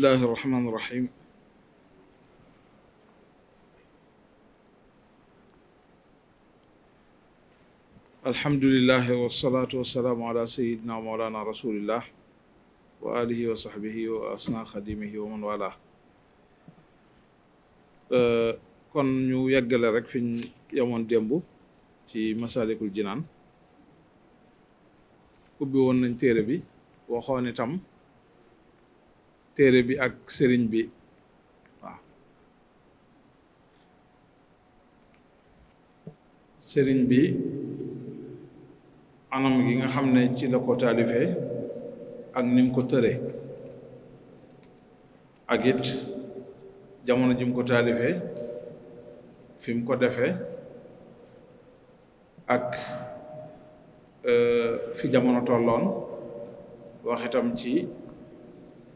الله الرحمن الرحيم الحمد لله والصلاة والسلام على سيدنا ومولانا رسول الله وآله وصحبه وأصنع خديمه ومن والاه kon ñu yeggale rek fi ñu yemoon démb ci masalikul jinaan ubbi woon nañ téere bi waxoon itam téere bi ak sëriñ bi sëriñ bi anam gi nga xam ne ci la ko taalifee ak ni ko tëre ak it jamono ji mu ko taalifee fi mu ko defee ak euh, fi jamono tolloon wax itam ci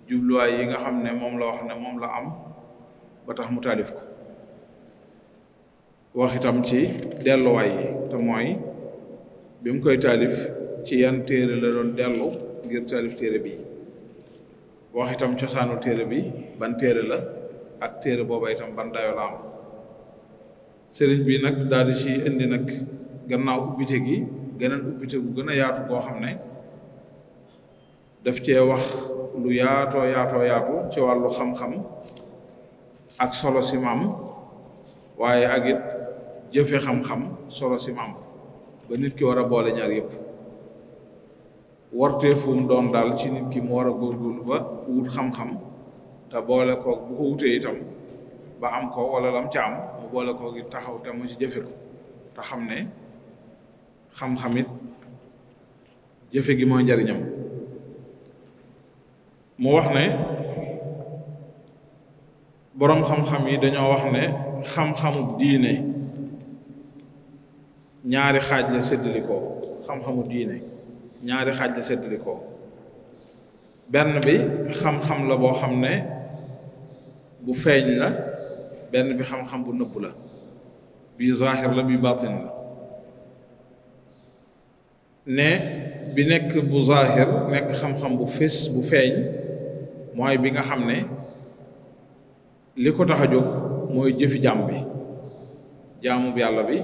jubluwaay yi nga xam ne moom la wax ne moom la am ba tax mu taalif ko wax itam ci delluwaay yi te mooy bi mu koy taalif ci yan téere la doon dellu ngir taalif téere bi wax itam cosaanu téere bi ban téere la ak téere booba itam ban dayo la am sëriñ bi nag daal di ci indi nag gannaaw ubbite gi geneen ubbite bu gën a yaatu koo xam ne def cee wax lu yaatoo yaatoo yaatu ci wàllu xam-xam ak solo si maam waaye ak jëfe xam-xam solo si ba nit ki war a boole ñaar yëpp wartee fu mu doon daal ci nit ki mu war a góorgóorlu ba wut xam-xam te boole koog bu ko wutee itam ba am ko wala lam ca am mu boole koog it taxaw te mu jëfe ko te xam ne xam-xam it jëfe gi mooy njariñam mu wax ne boroom xam-xam yi dañoo wax ne xam-xamu diine ñaari xaaj la séddalikoo xam-xamu diine ñaari xaaj la ko benn bi xam-xam la boo xam ne bu feeñ la benn bi xam-xam bu nëbb la bi zaahir la bi baatin la ne bi nekk bu zaahir nekk xam-xam bu fés bu feeñ mooy bi nga xam ne li ko tax a jóg mooy jëfi jaam bi jaamub yàlla bi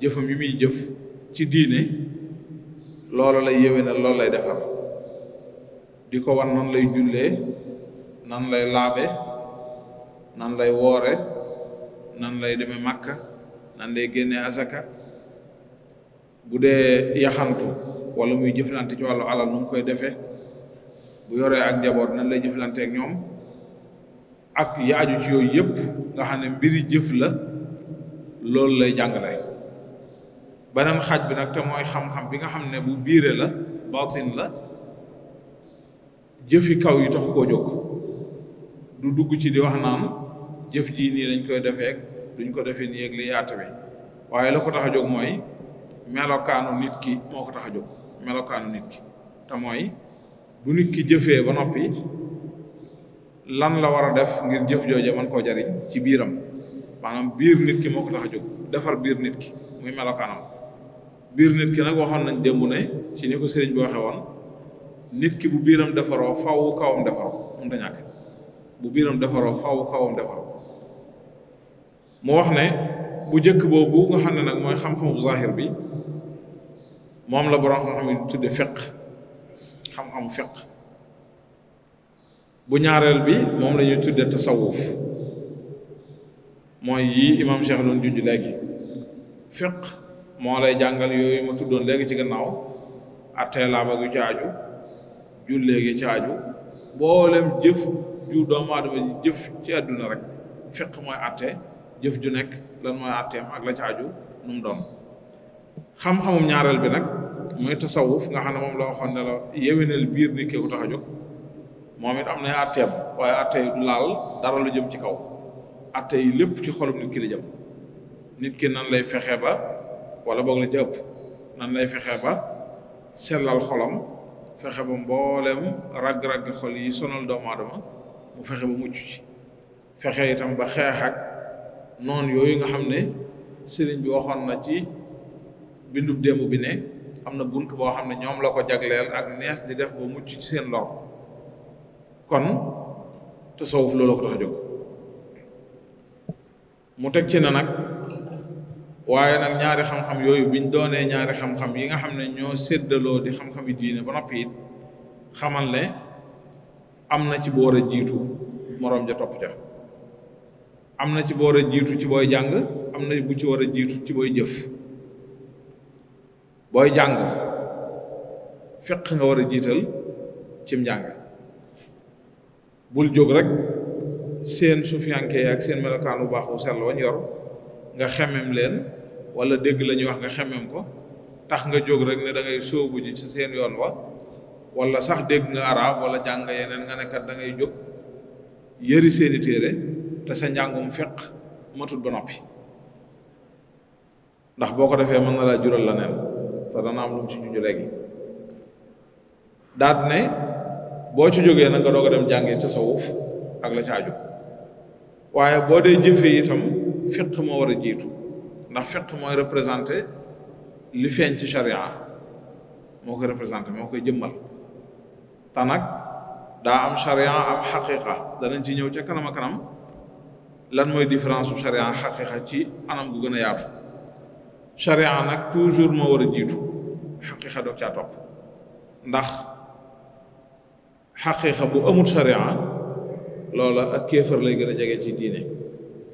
jëfam yi muy jëf ci diine loolu lay yéwénal loolu lay defar di ko war nan lay jullee nan lay laabe nan lay woore nan lay demee màkka nan lay génne asaka bu dee yaxantu wala muy jëflante ci wàllu alal nu koy defee bu yoree ak njaboot nan lay jëflanteeg ñoom ak yaaju ci yooyu yëpp nga xam ne mbiri jëf la loolu lay jàngale beneen xaaj bi nag te mooy xam-xam bi nga xam ne bu biire la batin la jëfi kaw yi tax ko jóg du dugg ci di wax naan jëf ji nii lañ koy defee ak duñ ko defee nii ak li yaatu waaye la ko tax a jóg mooy melokaanu nit ki moo ko tax a jóg melokaanu nit ki te mooy bu nit ki jëfee ba noppi lan la war a def ngir jëf jooje man koo jariñ ci biiram maanaam biir nit ki moo ko tax a jóg defar biir nit ki muy melokaanam biir nit ki nag waxoon nañ démb ne ci ni ko bi waxee woon nit ki bu defaroo faw kawam biiram defaroo faw kawam defaroo wax ne bu jëkk boobu nga xam ne nag mooy xam-xamu zahir bi moom la borom xam-xam tudde fiqh xam-xamu fiq bu ñaareel bi moom la ñuy tuddee tasawuf mooy yii imam Cheikh doon junj léegi fiq moo lay jàngal yooyu ma tuddoon léegi ci gannaaw attee laaba gu ci aju jullee gi ci aju boolem jëf ju doomu aadama ji jëf ci àdduna rek fiq mooy atte jëf ju nekk lan mooy atteem ak la ci aju nu doon xam-xamum ñaareel bi nag muy tasawuf nga xam mom la waxon ne la yewenal bir ni kéeku taxaju momit amna atem way atay lal dara lu jëm ci kaw atay lépp ci xolum nit ki la jëm nit ki nan lay fexe ba wala bok la jëpp nan lay fexe ba selal xolam fexe ba mbolem rag-rag xol yi sonal do ma dama mu fexe ba muccu ci fexe itam ba xex ak non yooyu nga xamne serigne bi waxon na ci bindu demu bi ne am na bunt boo xam ne ñoom la ko jagleel ak nees di def ba mucc ci seen lor kon tasawuf loolu ko tax a jóg mu teg ci na nag waaye nag ñaari xam-xam yooyu biñ doonee ñaari xam-xam yi nga xam ne ñoo séddaloo di xam-xam yi diine ba noppi it xamal ne am na ci boor a jiitu moroom ja topp ja am na ci boor a jiitu ci booy jàng am na bu ci war a jiitu ci booy jëf booy jàng fiq nga war a jiital cim njàng bul jóg rek seen sufiyanke ak seen melokaan bu baax bu sell wañ yor nga xemem leen wala dégg la ñuy wax nga xemem ko tax nga jóg rek ne da ngay sóobu ji ci seen yoon wa walla sax dégg nga arab walla jàng yeneen nga nekkat da ngay jóg yëri seeni téere te sa njàngum fiq matul ba noppi ndax boo ko defee mën na laa jural la neen te dana am lu mu ci juju léegi daat ne boo ci jógee nag nga doog a dem jàngi tasawuf ak la caaju waaye boo dee jëfee itam fiq moo war a jiitu ndax fiq mooy représenté li feeñ ci charia moo koy représenté moo koy jëmmal ta nag daa am charia am xaqiqa danañ ci ñëw ci kanam kanam lan mooy différence bu charia xaqiqa ci anam gu gën a yaatu charia nag toujours moo wara a jiitu xaqiiqa doog topp ndax xaqiiqa bu amul charia loola ak kéefar lay gën a jege ci diine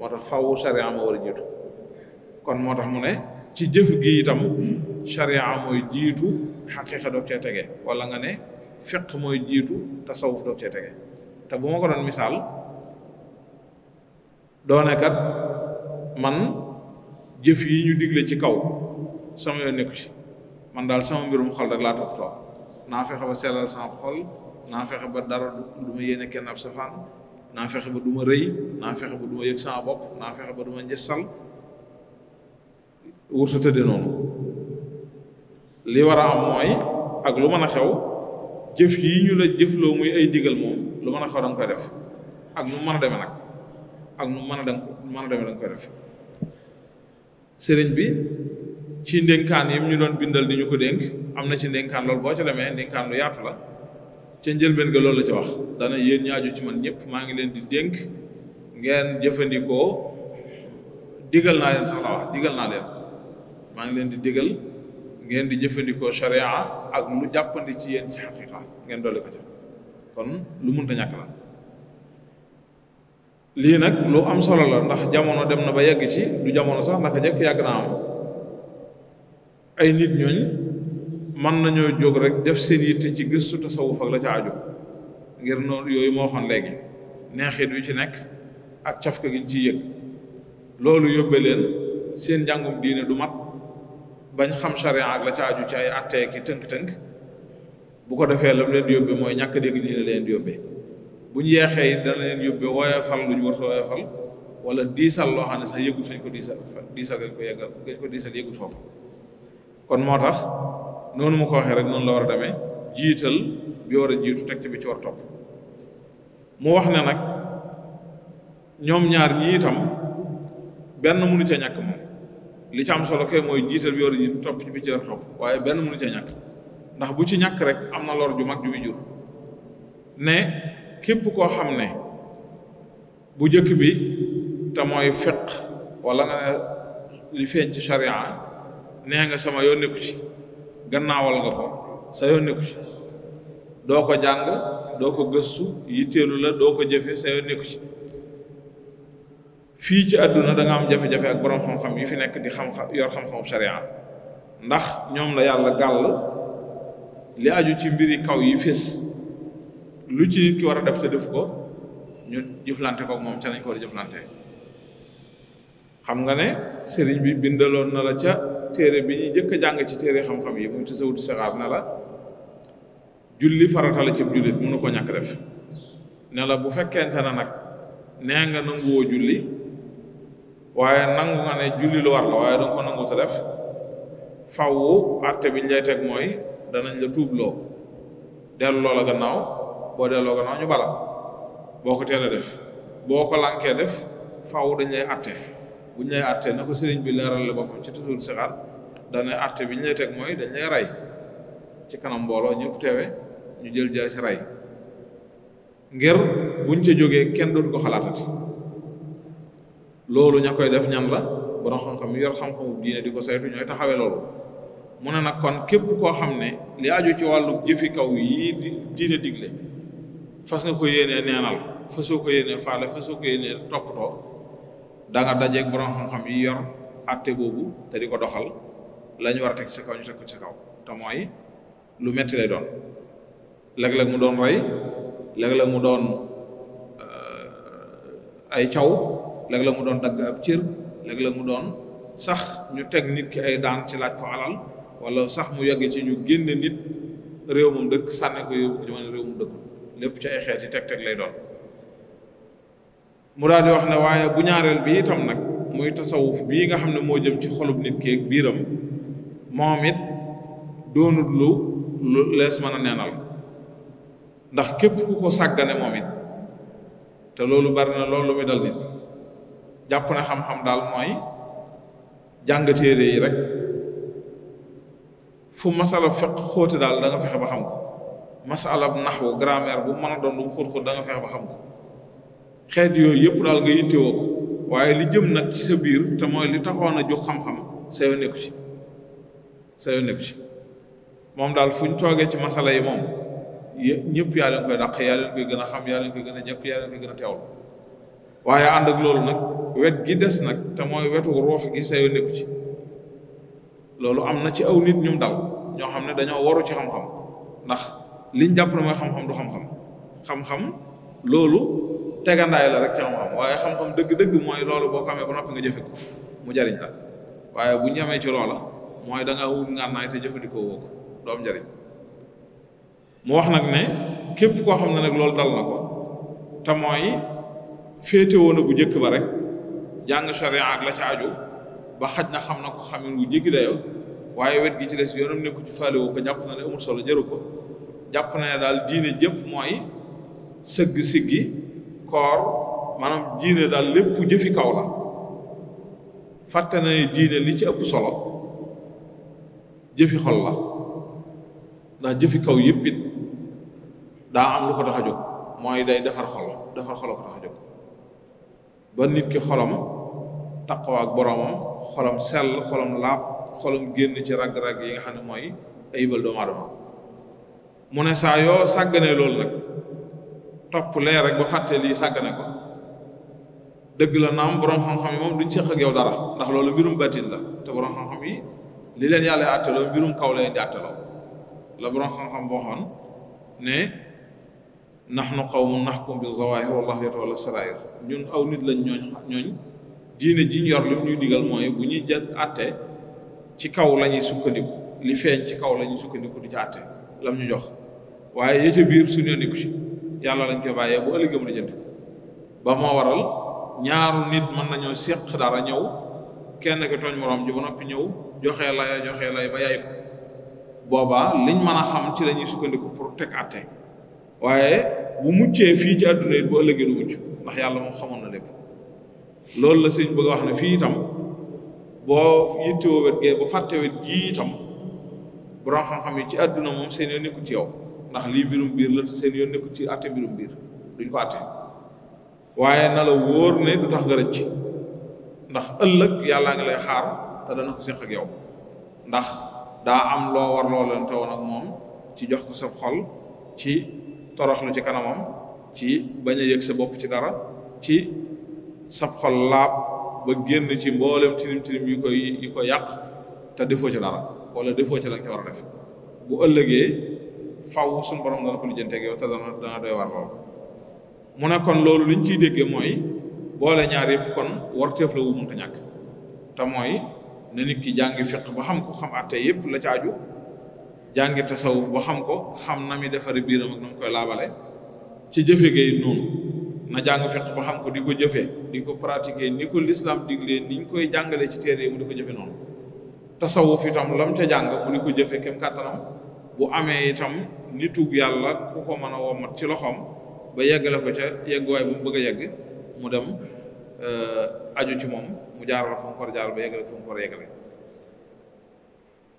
moo tax faw charia moo war jiitu kon moo tax mu ne ci jëf gi itam charia mooy jiitu xaqiiqa doog cee tege wala nga ne fiq mooy jiitu tasawuf doog cee tege te bu ma ko doon misaal doone man jëf yi ñu digle ci kaw sama yoon nekk ci man daal sama mbirum xol rek laa topp toog naa fexe ba sellal sama xol naa fexe ba dara du ma yéene kenn ab safaan naa fexe ba du ma rëy naa fexe ba du ma yëg sama bopp naa fexe ba du ma njësal wursu tëdde noonu li war a am mooy ak lu mën a xew jëf yi ñu la jëfloo muy ay digal moom lu mën a xew da nga koy def ak nu mën a deme nag ak nu mën a dem mën a deme da nga koy def sëriñ bi ci ndénkaan yi ñu doon bindal di ñu ko dénk am na ci ndénkaan loolu boo ca demee ndénkaan lu yaatu la ca njëlbeen ga loolu la ca wax dana yéen ñaaju ci man ñëpp maa ngi leen di dénk ngeen jëfandikoo digal naa leen naa leen maa ngi leen di digal ngeen di jëfandikoo sharia ak lu jàppandi ci yéen ci xaqiqa ngeen dolli ko ca kon lu mënta ñàkk la lii nag lu am solo la ndax jamono dem na ba yegg ci du jamono sax naka jekk yàgg naa am ay nit ñooñ mën nañoo jóg rekk def seen yitte ci gëstu tasawuf ak la ca ngir noonu yooyu moo waxoon léegi neexit wi ci nekk ak cafka gi ci yëg loolu yóbbe leen seen njàngum diine du mat bañ xam sharia ak la ca ci ay atteeki tënk-tënk bu ko defee lam leen di yóbbe mooy ñàkk dégg diine leen di yóbbe bu ñu yeexee it dana leen yóbbee woyofal lu ñu war a woyofal wala diisal loo xam ne sax yëgut fañ ko diisal diisal gañ ko yeggal gañ ko diisal yëgut foofu kon moo tax noonu mu ko waxee rek noonu la war a demee jiital bi war a jiitu teg ci bi ci war topp mu wax ne nag ñoom ñaar ñi itam benn mënu ca ñàkk moom li ci am solo kay mooy jiital bi war a jiitu topp ci bi ci war topp waaye benn mënu ca ñàkk ndax bu ci ñàkk rek am na lor ju mag ju jur képp koo xam ne bu jëkk bi te mooy fiq walla nga ne li feeñ ci sharia nee nga sama yoo nekku ci gannaawal nga ko sa yoon nekku ci doo ko jàng doo ko gëstu yitteelu la doo ko jëfe sa yoon nekku ci fii ci àdduna danga am jafe-jafe ak borom xam-xam yi fi nekk di xam-xam yor xam-xamu sharia ndax ñoom la yàlla gàll li aju ci mbiri kaw yi fés lu ci nit ki war a def te def ko ñu jëflante ko moom ca nañ ko war a xam nga ne sëriñ bi bindaloon na la ca téere bi ñu njëkk jàng ci téere xam-xam yi muy tasawut saxaar na la julli farata la ci jullit mënu ko ñàkk def ne la bu fekkente na nag nee nga nanguwoo julli waaye nangu nga ne julli lu war la waaye danga ko nangu te def fawwu àtte bi ñu teg mooy danañ la tuubloo delloo la gannaaw boo delloo gannaaw ñu bala boo ko teelee def boo ko lànkee def faaw dañ lay atte buñ atte na ko sëriñ bi leeral la boppam ci toujours sixaar dana atte bi ñu lay teg mooy dañ lay rey ci kanam mbooloo ñëpp teewe ñu jël jaay si rey ngir buñ ca jógee kenn dootu ko xalaatati loolu ña koy def ñan la borom xam-xam yor xam-xamu diine di ko saytu ñooy taxawee loolu mu ne nag kon képp koo xam ne li aju ci wàllu jëfi kaw yi diine digle fas nga ko yéenee neenal fasoo ko yéenee faale fasoo ko yéenee toppatoo da nga dajeeg borom xam-xam yi yor àtte boobu te di ko doxal la ñu war a teg ci sa ko ci kaw te lu metti lay doon léeg mu doon rey léeg mu doon euh, ay caw léeg-léeg mu doon dagg ab cër léeg-léeg mu doon sax ñu teg nit ki ay daan ci laaj ko alal wala sax mu yegg ci ñu génne nit réew moom dëkk sànne ko yóbbu ko ci mën réew moom dëkk lépp ci ay xeeti teg-teg lay doon mu daal wax ne waaye bu ñaareel bi itam nag muy tasawuf bi nga xam ne moo jëm ci xolub nit ki ak biiram moom it doonut lu lu lees mën a neenal ndax képp ku ko sàggane moom it te loolu bari loolu lu muy dal nit jàpp na xam-xam daal mooy jàng téere yi rek fu masala fekk xóote daal da fexe ba xam ko masala bu naxwu grammaire bu mën a doon lu mu xóot xóot da ba xam ko xeet yooyu yëpp daal nga yittewoo ko waaye li jëm nag ci sa biir te mooy li taxoon a jóg xam-xam sa yoo nekku ci moom daal fu toogee ci masala yi moom ñëpp yaa leen koy dàq yaa gën a xam yaa leen koy gën a jekk yaa leen koy gën waaye ànd ak loolu nag wet gi des nag te mooy wetu ruux gi sa yoo nekku ci loolu am na ci aw nit ñum dal ñoo xam ne dañoo waru ci xam-xam ndax liñ jàpp na mooy xam-xam du xam-xam xam-xam loolu tegandaay la rek ci xam-xam waaye xam-xam dëgg-dëgg mooy loolu boo ko amee ba noppi nga mu jariñ waaye bu ñu amee ci loola mooy da nga wut ngànnaay jëfandikoo woo ko du jariñ mu wax nag ne képp koo xam ne nag loolu dal na ko te mooy woon bu njëkk ba rek jàng sharia ak la ca aju ba xaj na xam na ko xamin wu jéggi dayoo waaye wet gi ci des yoonam nekku ci faale wu ko jàpp na ne amul solo jëru ko jàpp na daal diine jëpp mooy sëgg siggi koor maanaam diine daal lépp jëfi kaw la fàtte na ne diine li ci ëpp solo jëfi xol la ndax jëfi kaw yëpp it daa am lu ko tax a jóg mooy day defar xol defar xol ko tax a jóg ba nit ki xolam taqoo ak boroomam xolam sell xolam laab xolam génn ci rag-rag yi nga xam ne mooy ayibal doomu aadama mu ne saa yoo sàggane loolu nag topp lee rek ba fàttee lii sàggane ko dëgg la naam borom xam-xam yi moom duñ seq a yow dara ndax loolu mbirum batin la te borom xam-xam yi li leen yàlla àttaloo mbirum kaw leen di àttaloo la borom xam-xam boo xoon ne nahnu qawmun nahkum bi zawahir wallahu yatawalla sarair ñun aw nit lañ ñooñ diine ji ñu yor li ñuy digal mooy bu ñuy jël àtte ci kaw lañuy sukkandiku li feeñ ci kaw lañuy sukkandiku di ci àtte lam ñu jox waaye ya ca biir suñu yoon ci yàlla lañ koy bàyyee bu ëllëgee mu di jënd ba moo waral ñaaru nit mën nañoo séq dara ñëw kenn ki tooñ moroom ji ba noppi ñëw joxe lay joxe lay ba yaay ko liñ mën a xam ci lañuy sukkandiku pour teg àtte waaye bu muccee fii ci àdduna it bu ëllëgee du mucc ndax yàlla moom xamoon na lépp loolu la sëñ bëgg a wax ne fii itam boo yittewoo wet gee ba fàtte wet gii itam borom xam-xam yi ci àdduna moom seen yoon nekkul ci yow ndax lii mbirum biir la seen yoon nekku ci atte mbirum biir duñ ko atte waaye na la wóor ne du tax nga rëcc ndax ëllëg yàlla ngi lay xaar te dana ko séq yow ndax daa am loo war loo leen te woon ak moom ci jox ko sa xol ci toroxlu ci kanamam ci bañ a yëg sa bopp ci dara ci sab xol laab ba génn ci mboolem tilim tilim yi koy ko yàq te defoo ci dara wala defoo ci la war a def bu ëllëgee faw suñu dana ko lijjanteeg yow te dana dana doy war lool mu ne kon loolu liñ ciy déggee mooy boole ñaar yëpp kon warteef la wu mënta te mooy na nit ki jàngi fiq ba xam ko xam àtte yëpp la ca aju jàngi tasawuf ba xam ko xam na mi defari biiram ak na mu koy laabale ci jëfe gay noonu na jàng fiq ba xam ko di ko jëfee di ko pratiquer ni ko l'islam diglee ni ñu koy jàngalee ci téere yi mu di ko jëfe noonu tasawuf itam lam ca jàng mu di ko jëfe kem kàttanam bu amee itam li tuub yàlla ku ko mën a womat ci loxoom ba yeggale ko ca yegguwaay bu mu bëgg a yegg mu dem euh, aju ci moom mu jaaral fu mu jaaral ba yeggale fu mu ko war yeggale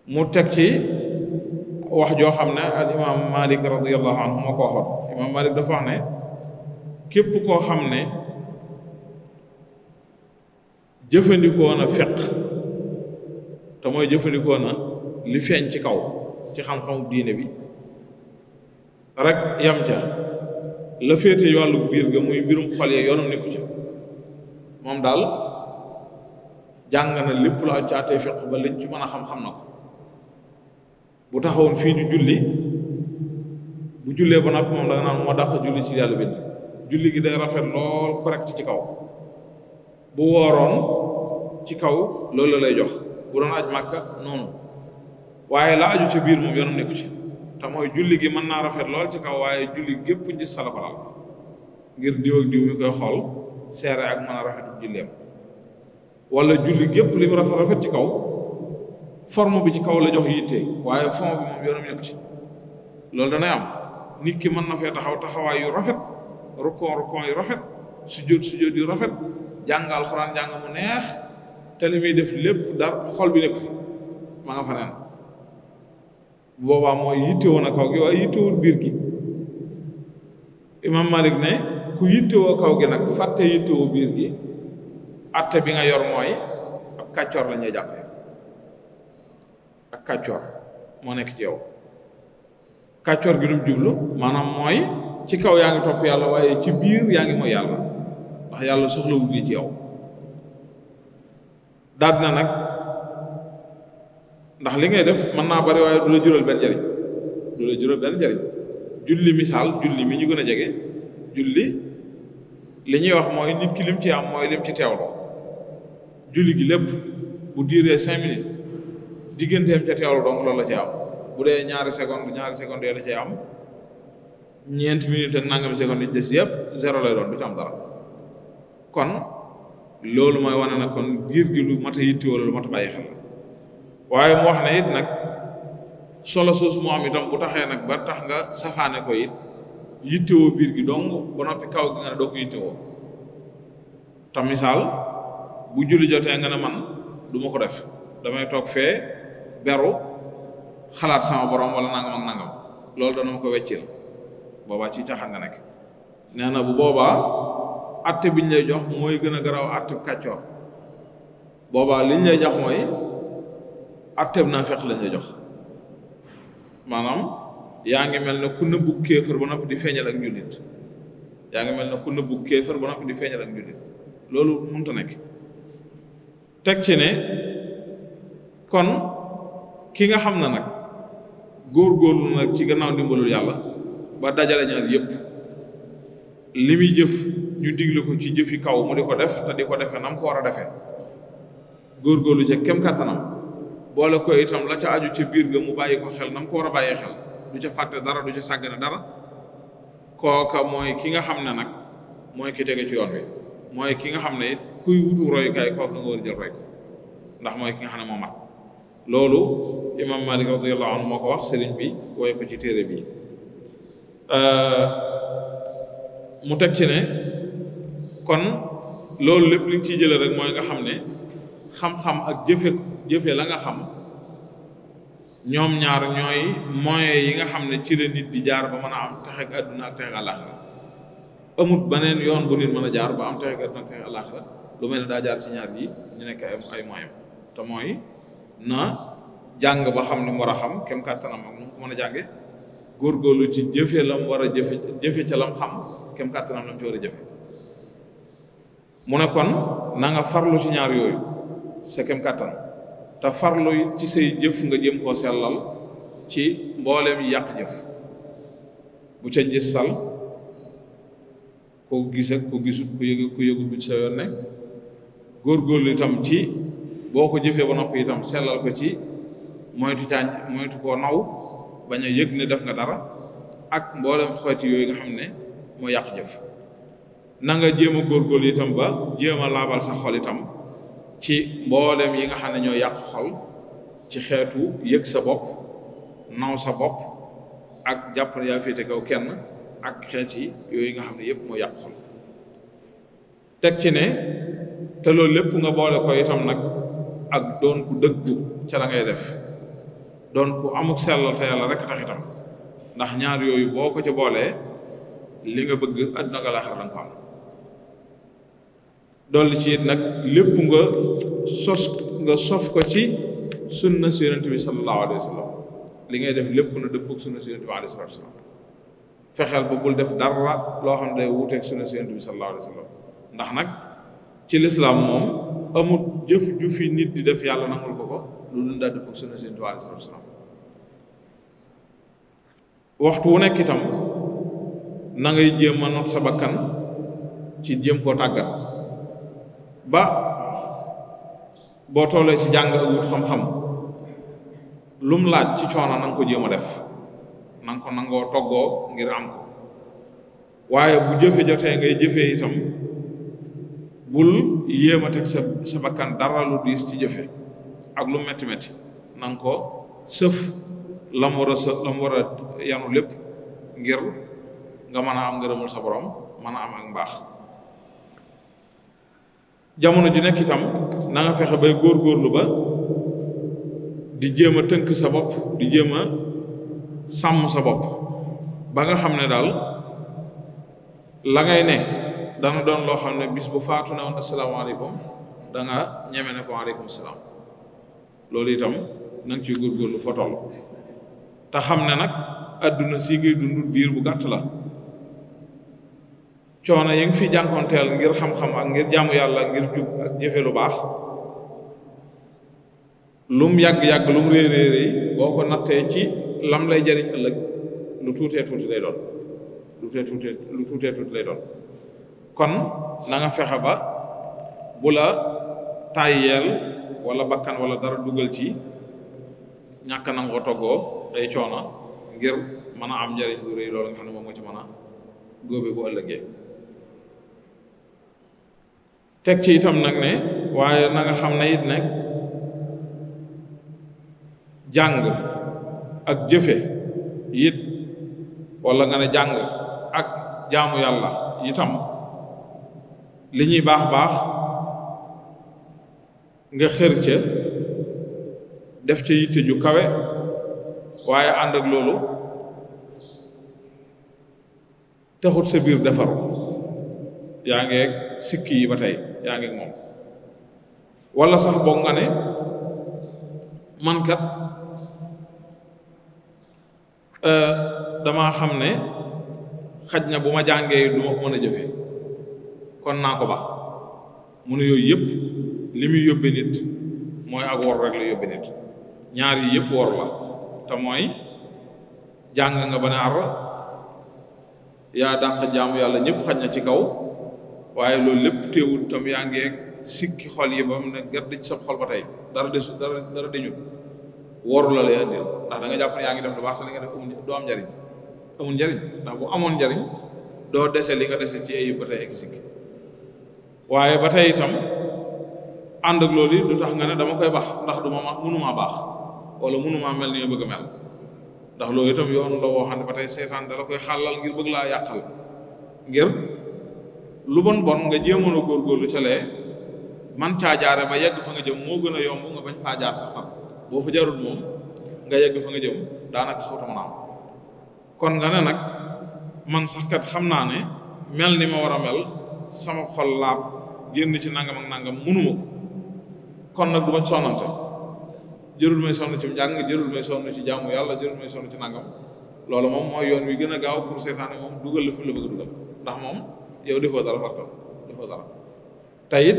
mu teg ci wax joo xam ne al imaam malik radiallahu anhu moo ko imaam malik dafa wax ne képp koo xam ne jëfandikoo na fiq te mooy jëfandikoo na li feeñ ci kaw ci xam-xamu diine bi rek yam ca la féete wàllu biir ga muy mbirum xol ya yoonam nekku ci moom daal jàng na lépp la aju ci àttee fiq ba liñ ci mën a xam-xam na ko bu taxawoon fii ñu julli bu jullee ba noppi moom da naan moo daq julli ci yàlla bind julli gi day rafet lool correct ci kaw bu wooroon ci kaw loolu lay jox bu doon aj màkka noonu waaye la aju ci biir moom yoonam nekku ci te mooy julli gi mën naa rafet lool ci kaw waaye julli gépp gis sala ko laal ngir diw ak diw mi koy xool seere ak mën a rafetu julleem wala julli gépp lim mu rafet rafet ci kaw forme bi ci kaw la jox yitte waaye fond bi moom yoonam nekku ci loolu danay am nit ki mën na fee taxaw taxawaay yu rafet rukkoon rukkoon yu rafet sujjóot sujjóot yu rafet jàngal alxuraan jàng mu neex te li muy def lépp dar xol bi nekku fi boba moy yitte won ak kawgi way yitte won birki imam malik ne ku yitte wo kawgi nak fatte yitte wo birki atta bi nga yor moy ak kacior lañu jappé ak kacior mo nek ci yow kacior gi lu djublu manam moy ci kaw yaangi top yalla waye ci bir yaangi moy yalla wax yalla soxla wu ci yow dadna nak ndax li ngay def mën naa bari waaye du la jural benn njariñ du la jural benn julli misaal julli mi ñu gën a jege julli li ñuy wax mooy nit ki lim ci am mooy lim ci teewloo julli gi lépp bu diiree cinq minutes digganteem ca teewlu loolu la ci am bu dee ñaari seconde ñaari seconde yooyu la ci am ñeenti minutes ak nangam seconde yi des yëpp zéro lay doon du ci am dara kon loolu mooy wane na kon giir gi lu mat a yittewoo lu mat a bàyyi xel waaye mu wax ne it nag solo suus mu am itam bu taxee nag ba tax nga safaane ko it yittewoo biir gi dong ba noppi kaw gi nga ne doo ko yittewoo te misaal bu julli jotee nga ne man du ko def damay toog fee beru xalaat sama borom wala nangam ak nangam loolu dana ma ko weccil boobaa ci caaxaan nekk nee na bu boobaa atte biñ lay jox mooy gën a garaaw atte kàccoor boobaa liñ lay jox mooy atteeb naa feq lañ jox maanaam yaa ngi mel ne ku nëbbu kéefër ba noppi di feeñal ak njullit yaa ngi mel ne ku nëbbu kéefër ba noppi di feeñal ak njullit loolu mënta nekk teg ci ne kon ki nga xam ne nag góor-góorlu nag ci gannaaw ndimbalul yàlla ba dajale ñaar yépp li muy jëf ñu digle ko ci jëfi kaw mu di ko def te di ko defee nam ko war a defe góor-góorlu ca kem kàttanam boole ko itam la ca aju ca biir ga mu bàyyi ko xel na mu ko war a bàyyi xel du ca fàtte dara du ca sàggane dara kooka mooy ki nga xam ne nag mooy ki tege ci yoon wi mooy ki nga xam ne kuy wutu royukaay kooka nga war ndax mooy ki nga xam ne moo mat loolu imam malik radiyallahu anhu moo ko wax sëriñ bi woy ko ci téere bi euh, mu teg ci ne kon loolu lépp li ñu ciy jëlee rek mooy nga xam ne xam-xam ak jëfe jëfe la xam ñoom ñaar ñooy moyens yi nga xam ne ci la nit di jaar ba am texeg àdduna ak beneen yoon bu nit mën a jaar ba am texeg àdduna ak lu mel ne daa jaar ci ñaar ñu nekk ay moyens te mooy na jàng ba xam li war a xam kem kàttanam ak mu ko mën a jànge góorgóorlu ci jëfe lam war a jëfe jëfe ca lam xam kem kàttanam lam ci war a jëfe mu ne kon na nga farlu ci ñaar yooyu sa kem kàttan te farlu ci say jëf nga jëm koo sellal ci mbooleem yàq jëf bu ca gis sal ko gis ak ko gisut ku yëgu ku yëgu bu ci sa yoon ne góorgóorlu itam ci boo ko jëfee ba noppi itam sellal ko ci moytu caañ moytu koo naw bañ a yëg ne def nga dara ak mboolem xoyti yooyu nga xam ne moo yàq jëf na nga jéem a góorgóorlu itam ba jéem a laabal sa xol itam ci mboolem yi nga xam ne ñoo yàq xol ci xeetu yëg sa bopp naw sa bopp ak jàpp ne yaa féete kaw kenn ak xeet yi yooyu nga xam ne yëpp moo yàq xol teg ci ne te loolu lépp nga boole ko itam nag ak doon ku dëggu ca la ngay def doon ku amuk sellal te yàlla rek tax itam ndax ñaar yooyu boo ko ci boolee li nga bëgg àdduna ak laaxira la nga dolli ci it nag lépp nga sos nga sof ko ci sunna si bi sallallahu alayhi li ngay def lépp na dëppog sunna fexeel ba bul def dara loo xam ne day wuuteeg sunna si yonente bi sallallahu alayhi ndax nag ci lislaam moom amul jëf ju fi nit di def yàlla nangul ko ko lu dul daa dëppog sunna si bi alayhi waxtu wu nekk itam na ngay jéem a not sa ci jéem koo tàggat ba boo tollee ci jàng ak xam-xam lu mu laaj ci coono na nga ko jéem a def na nga nangoo toggoo ngir am ko waaye bu jëfe jotee nga jëfee itam bul yéem a teg sa sa bakkan dara lu diis ci jëfe ak lu metti metti na ko sëf lam war a së lam a yanu lépp ngir nga mën a am ngërëmul sa borom mën a am ak mbaax jamono ju nekk itam na fexe bay góorgóorlu ba di jéem a tënk sa bopp di jéem sàmm sa bopp ba nga xam ne daal la ngay ne dana doon loo xam ne bis bu faatu ne woon asalaamaaleykum da nga ñeme ne ko waaleykum salaam loolu itam na ci góor góorlu fa toll te xam ne nag àdduna si ngay dund biir bu gàtt la coono yi nga fi jànkoonteel ngir xam-xam ngir jaamu yàlla ngir jub ak jëfe lu baax lum yàgg-yàgg lum réy réy réy boo ko nattee ci lam lay jariñ ëllëg lu tuute tuuti lay doon lu tuutee tuuti lu lay doon kon nanga nga fexe ba bu la tàyyeel wala bakkan wala dara dugal ci ñàkk nangoo toggoo ay coono ngir mën a am njariñ lu réy loolu nga xam ne moom nga ci mën a góobe bu ëllëgee teg ci itam nag ne waaye nanga xam na it nag jàng ak jëfe it wala nga ne jàng ak jaamu yàlla itam li ñuy baax baax nga xër ca def ca yitte ju kawe waaye ànd ak loolu taxut sa biir defaru yaa ngeeg sikki yi ba tey yaa ngi moom sax boog nga ne man kat euh, dama xam ne xaj na bu ma jàngee du ma mën a jëfee kon naa ko ba mu ne yooyu yëpp li muy yóbbe nit mooy ak wor rek la yóbbe nit la te mooy jàng nga ba ne ar yaa dàq jaamu yàlla ñëpp xaj na ci kaw waaye loolu lépp téewul tam yaa ngeeg sikki xol yi ba mu ne gàdd ci xol ba tey dara desu dara dara deñul waru la lay andil ndax da jàpp ne yaa ngi def lu baax amul doo am njariñ ndax bu amoon njariñ doo dese li nga dese ci ayib ba tey ak sikki waaye ba tey itam ànd ak loolu du tax nga ne dama koy baax ndax du ma ma mënumaa baax wala mënumaa mel ni nga bëgg a mel ndax loolu itam yoon la woo ba tey seetaan da koy xàllal ngir bëgg laa yàqal ngir lu bon bon nga jéemoon a góorgóorlu ca lee man caa jaare ba yegg fa nga jëm moo gën a yomb nga bañ faa jaar sa far boo fa jaarul moom nga yegg fa jëm daanaka xawta kon nga ne nag man sax kat xam naa ne mel ni ma war a mel sama xol laab génn ci nangam ak nangam mënuma kon nag du ma sonnante jërul may sonn ci njàng jërul may sonn ci jaamu yàlla jërul may sonn ci nangam loolu moom mooy yoon wi gën a gaaw pour seytaane moom dugal la fu la bëgg a dugal ndax moom yow defoo dara far kaw defoo dara tey it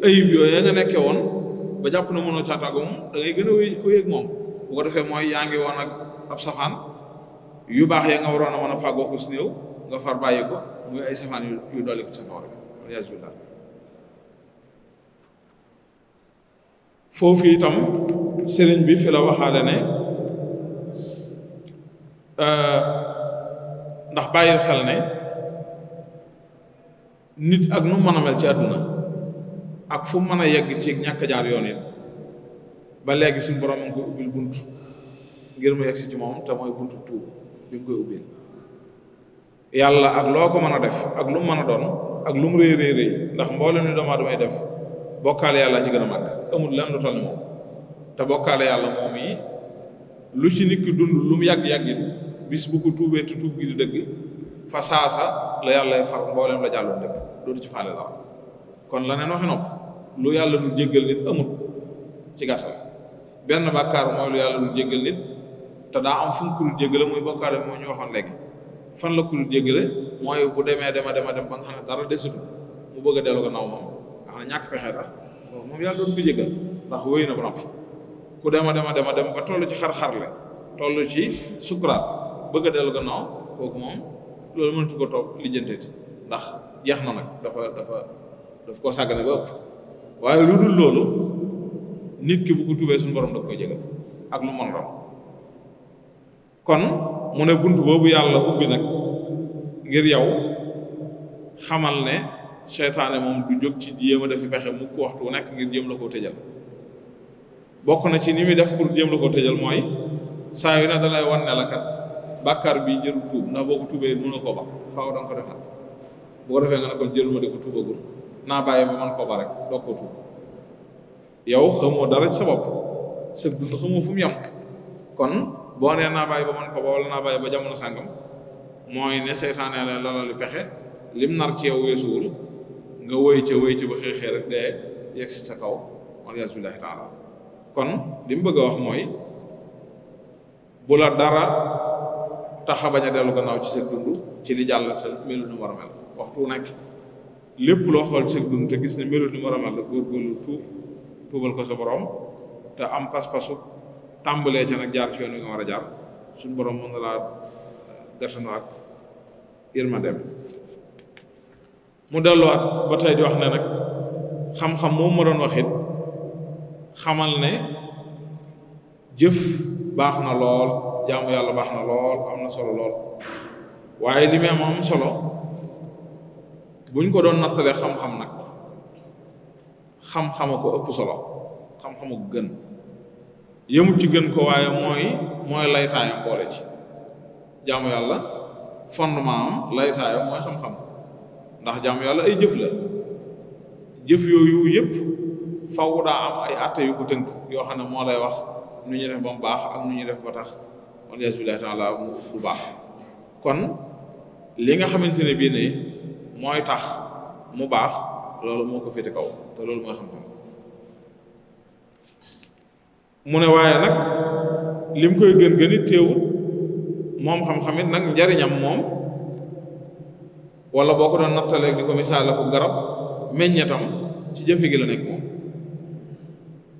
ayib yooyu nga nekke woon ba jàpp na mënoo caataago moom da ngay gën a wéy wéy moom bu ko defee mooy yaa ngi woon ak ab safaan yu baax ya nga waroon a a fàggoo ko si néew nga far bàyyi ko muy ay safaan yu yu dolli ko sa kaw rek alias foofu itam sëriñ bi fi waxaale ne euh, ndax bàyyil xel ne nit ak nu mën a mel ci àdduna ak fu mën a yegg ci ñàkk jaar yoon it ba léegi suñu borom mu ngi koy ubbil bunt ngir mu yegg si ci moom te mooy buntu tuub bi mu koy ubbil yàlla ak loo ko mën a def ak lu mu mën a doon ak lu mu rëy rëy ndax mboolem ni doomaa damay def bokkaale yàlla ci gën a màgg amul lan lu toll moom te bokkaale yàlla moom yi lu ci nit dund lu mu yàgg-yàgg it bis bu tuubee tuub gi di dëgg fa saasa la yàlla far mboolem la jàlloon lépp dootu ci faale dara kon la neen waxi nopp lu yàlla du jéggal nit amul ci gàttal benn bàkkaar mooy lu yàlla du jéggal nit te daa am fu mu ku dul jéggale muy moo ñu waxoon léegi fan la ku dul jéggale mooy bu demee dema dema dem ba nga xam ne dara desitu mu bëgg a dellu gannaaw moom nga ne ñàkk pexe tax moom yàlla doon ko jéggal ndax wéy na ba noppi ku dema dema dema dem ba toll ci xar-xarle toll ci sukuraat bëgg a dellu gannaaw kooku moom loolu mën mënatu ko toog lijjanteeti ndax jeex na nag dafa dafa daf koo sàggane ba ëpp waaye lu dul loolu nit ki bu ko tubee suñu borom daf koy jégal ak lu mën ram kon mu ne bunt boobu yàlla ubbi nag ngir yow xamal ne seytaane moom du jóg ci jéem a defi pexe mukk waxtu nekk ngir jéem la koo tëjal bokk na ci ni muy def pour jéem la koo tëjal mooy saa yu ne dalay wan ne la kat bàkkaar bi jëru tuub ndax boo ko tuubee mën na koo bax faaw da nga ko defal bu ko defee nga ne kon jëluma di ko tuubagul naa bàyyi ba man koo ba rek doo ko tuub yow xamoo dara ci sa bopp sa dund xamoo fu mu yem kon boo nee naa bàyyi ba man ko ba wala ba jamono sàngam mooy ne seytaane la pexe lim nar ci yow weesuwul nga wëy ca wëy ca ba xeexee rek dee yegg si sa kaw waliyasu billahi taala kon li mu bëgg a wax mooy bu dara taxa bañ a dellu gannaaw ci seen dund ci li jàll te melu ni a waxtu nekk lépp loo xool ci seen dund te gis ne melu ni mu war a mel la góorgóorlu tuubal ko sa borom te am pas-pasu tàmbalee ca nag jaar ci yoon nga war a jaar suñu borom mën na laa gatanu ak irma dem mu delluwaat ba tey di wax ne nag xam-xam moom ma doon waxit xamal ne jëf baax na lool jaamu yàlla baax na lool am na solo lool waaye li muy am am solo buñ ko doon nattalee xam-xam nag xam-xama ko ëpp solo xam-xama ko gën yëmut ci gën ko waaye mooy mooy laytaayam boole ci jaamu yàlla fondement am laytaayam mooy xam-xam ndax jaamu yàlla ay jëf la jëf yooyu yëpp faw daa am ay atte yu ko tënk yoo xam ne moo lay wax nu ñu def ba mu baax ak nu ñu def ba tax alias billahi taala mu baax kon li nga xamante ne bii ne mooy tax mu baax loolu moo ko féete kaw te loolu mooy xam-xam mu ne waaye nag li mu koy gën gënit téewul moom xam-xamit nag njariñam moom wala boo ko doon nattaleeg di ko misaale ko garab meññetam ci jëfe gi la nekk moom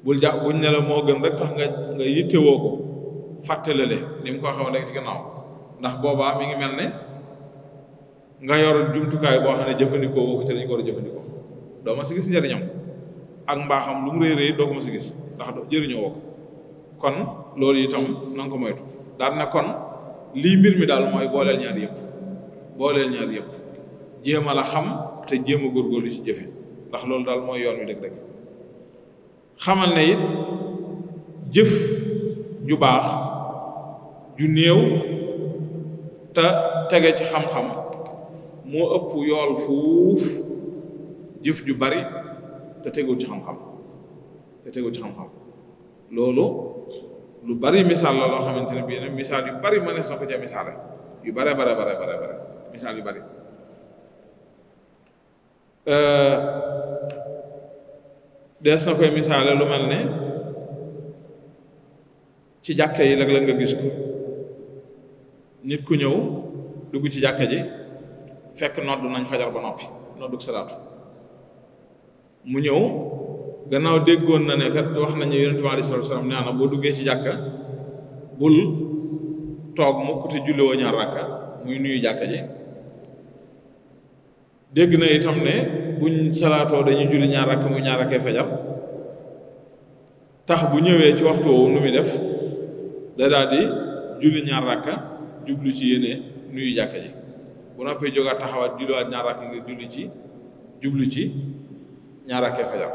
bul ja buñ ne la moo gën rek tax nga nga yittewoo ko fàttalale ni mu ko waxee léegi ndax boobaa mi ngi mel ne nga yor jumtukaay boo xam ne jëfandikoo woo ko ci dañu ko jëfandikoo doo ma si ak mbaaxam lu mu rëy rëy doo ko ma si gis ndax jëriñoo woo ko kon loolu itam na moytu daan na kon lii mbir mi daal mooy booleel ñaar yëpp ñaar yëpp jéem a la xam te jéem góor góorlu ci jëfe ndax loolu daal mooy yoon wi dëgg-dëgg xamal ne it jëf ju baax ju néew te tege ci xam-xam moo ëpp yool fuuf jëf ju bari te tegul ci xam-xam te tegul ci xam-xam loolu lu bari misaal la loo xamante ne bii nag misaal yu bari mënees na ko ca misaale yu bare bare bare bare misaal yu bari dees na koy misaale lu mel ne ci jàkka yi léeg-léeg nga gis ko nit ku ñëw dugg ci jàkka ji fekk nodd nañ fajar ba noppi noddug salaatu mu ñëw gannaaw déggoon na ne kat wax nañu yonent bi aleyhi salaatu salaam na boo duggee ci jàkka bul toog mukk te julliwoo ñaar rakka muy nuyu jàkka ji dégg na itam ne buñ salaatoo dañuy julli ñaar rakk muy ñaar rakkee fajar tax bu ñëwee ci waxtu woowu nu muy def da daal julli ñaar rakka jublu ci yéene nuyu jàkka ji bu noppee jógaat taxawaat julliwaat ñaar rakk ngir julli ci jublu ci ñaar rakkee fajar